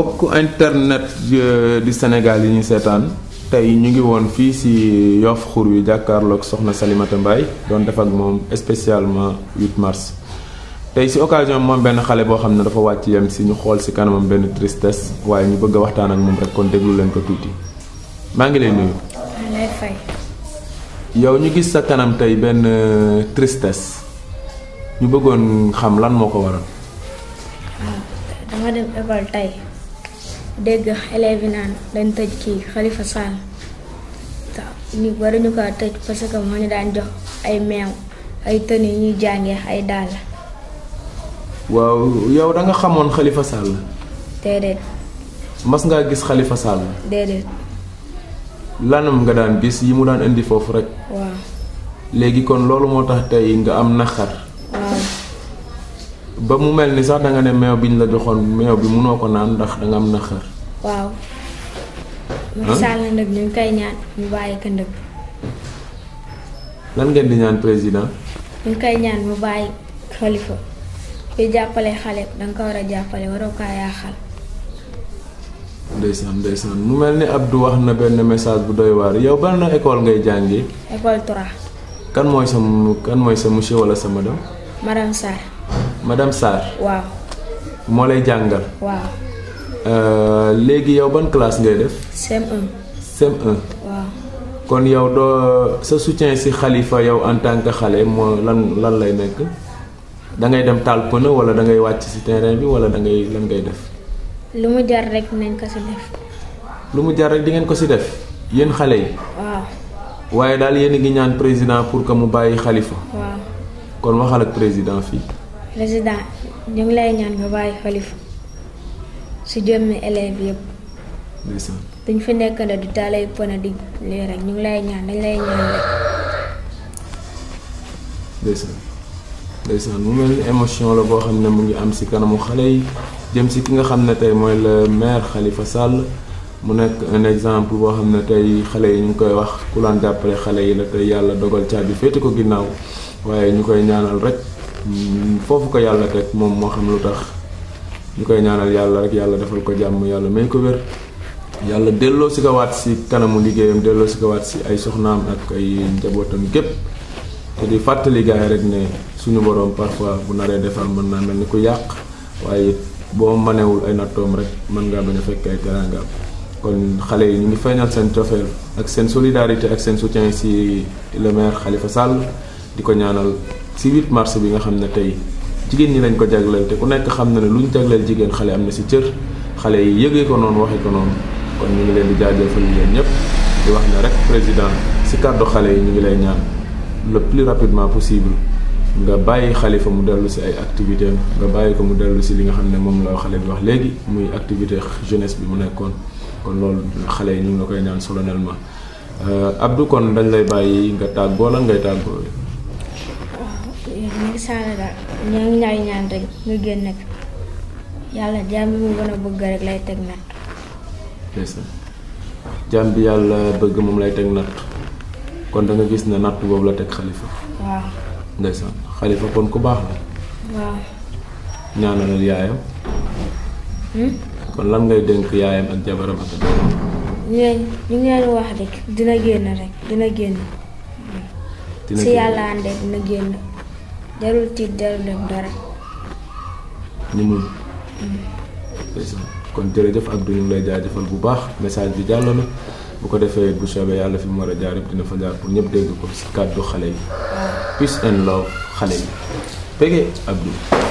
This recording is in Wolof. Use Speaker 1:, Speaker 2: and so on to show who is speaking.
Speaker 1: bokk internet di Sénégal yi ñu seetaan tey ñu ngi woon fii si yof xur wi jàkkaarloog soxna Salimata Mbaye doon def ak moom spécialement 8 mars tey si occasion moom benn xale boo xam ne dafa wàcc yem si ñu xool si kanamam benn tristesse waaye ñu bëgg a waxtaan ak moom rek kon déglu leen ko tuuti maa ngi lay nuyu yow ñu gis sa kanam tey benn euh, tristesse ñu bëggoon xam lan moo ko waral
Speaker 2: ah, dama dem école tey dégg élèves yi naan dañ tëj kii Khalifa Sall ñu waruñu ko tëj parce moo ñu daan jox ay meew ay tën yu ñuy jàngee ay dàll.
Speaker 1: waaw yow danga xamoon Khalifa Sall. déedéet. mas ngaa gis Khalifa Sall. déedéet. lanam nga daan gis yi mu daan indi foofu rek. waaw léegi kon loolu moo tax tey nga am naqar. ba mu melni sax da nga ne meew biñ la joxon meew bi mëno ko naan ndax da nga am na xër
Speaker 2: waaw Macky Sall nag ñu kay ñaan ñu baye ko ndëg
Speaker 1: lan ngeen di ñaan président
Speaker 2: ñu kay ñaan mu baye khalifa kuy jappalé xalé da nga wara jappalé waro ka ya xal
Speaker 1: ndeysan ndeysan mu melni abdou wax na ben message bu doy war yow ban na école ngay jàngi
Speaker 2: école 3
Speaker 1: kan moy sa kan moy sa monsieur wala sa madame
Speaker 2: madame sarr madame sar waaw
Speaker 1: moo lay jàngal. waaw. Euh, léegi yow ban classe ngay def. CM1. CM1. waaw. kon yow do sa soutien si khalifa yow en tant que xale mo lan lan lay nek da ngay dem talpone wala da ngay wacc ci terrain bi wala da ngay lan ngay def.
Speaker 2: lu jar rek dinañ ko ci def.
Speaker 1: lu jar rek di ngeen ko ci def yeen xale yi. waaw. waye dal yeen a ngi ñaan président pour que mu bayyi khalifa waaw kon waxal ak président fii.
Speaker 2: président ñu ngi lay ñaan nga bàyyi xalifa si jëmmi élève yëpp. duñ fi nekk na du taalay pona di lii rek ñu ngi lay ñaan dañ lay ñaan
Speaker 1: rek. mu mel ni émotion la boo xam ne mu ngi am si kanamu xale yi jëm si ki nga xam ne tey mooy la maire xalifa sàll mu nekk un exemple boo xam ne tey xale yi ñu ngi koy wax ku laan jàppale xale yi la tey yàlla dogal caabi féete ko ginnaaw waaye ñu koy ñaanal rek. foofu ko yàlla teg moom moo xam lu tax ñu koy ñaanal yàlla rek yàlla defal ko jàmm yàlla may ko wér yàlla delloo si ko waat si kanamu liggéeyam delloo si ko waat si ay soxnaam ak ay njabootam gépp te di fàttali gaay rek ne suñu borom parfois bu naree defar mën naa mel ni ku yàq waaye boo manewul ay nattoom rek mën ngaa bañ a fekk ay teraangaam kon xale yi ñu ngi feeñal seen cofeel ak seen solidarité ak seen soutien si le xalifa Khalifa di ko ñaanal ci 8 mars bi nga xam ne tey jigéen ñi lañ ko jagleel ku nekk xam na ne luñ jagleel jigéen xale am na si cër xale yi yëgee ko noonu waxee ko noonu kon ñu ngi leen di jaajëfal yéen ñëpp di wax ne rek président si kàddu xale yi ñu ngi lay ñaan le plus rapidement possible nga bàyyi xalifa mu dellu si ay activité nga bàyyi ko mu dellu si li nga xam ne moom la xale bi wax léegi muy activité jeunesse bi mu nekkoon kon loolu xale yi ñu ngi la koy ñaan solennellement euh, abdou kon dañ lay bàyyi nga tàggoo la ngay tàggoo
Speaker 2: Macky Sall daal ñoo ngi ñaay ñaan rek nga génn fi yàlla jaam bi mu gën a bëgg rek lay teg natt
Speaker 1: jaam bi yàlla bëgg moom lay teg natt kon da nga gis ne natt boobu la teg xalifa waaw ndeysaan xalifa kon ku baax la waaw ñaanalal yaayam hmm? kon lan ngay dénk yaayam ak jabaram ak
Speaker 2: ñu ñu ngeen wax rek dina génn rek dina génn si yàlla àndee dina génn jarul tiit jarul dem dara.
Speaker 1: ñu muñ. kon jërëjëf Abdou ñu ngi lay jaajëfal bu baax message bi jàll na bu ko defee bu soobee yàlla fi mu war a jaar yëpp dina fa jaar pour ñëpp dégg ko ci kàddu xale yi. peace and love xale yi. Pege Abdou.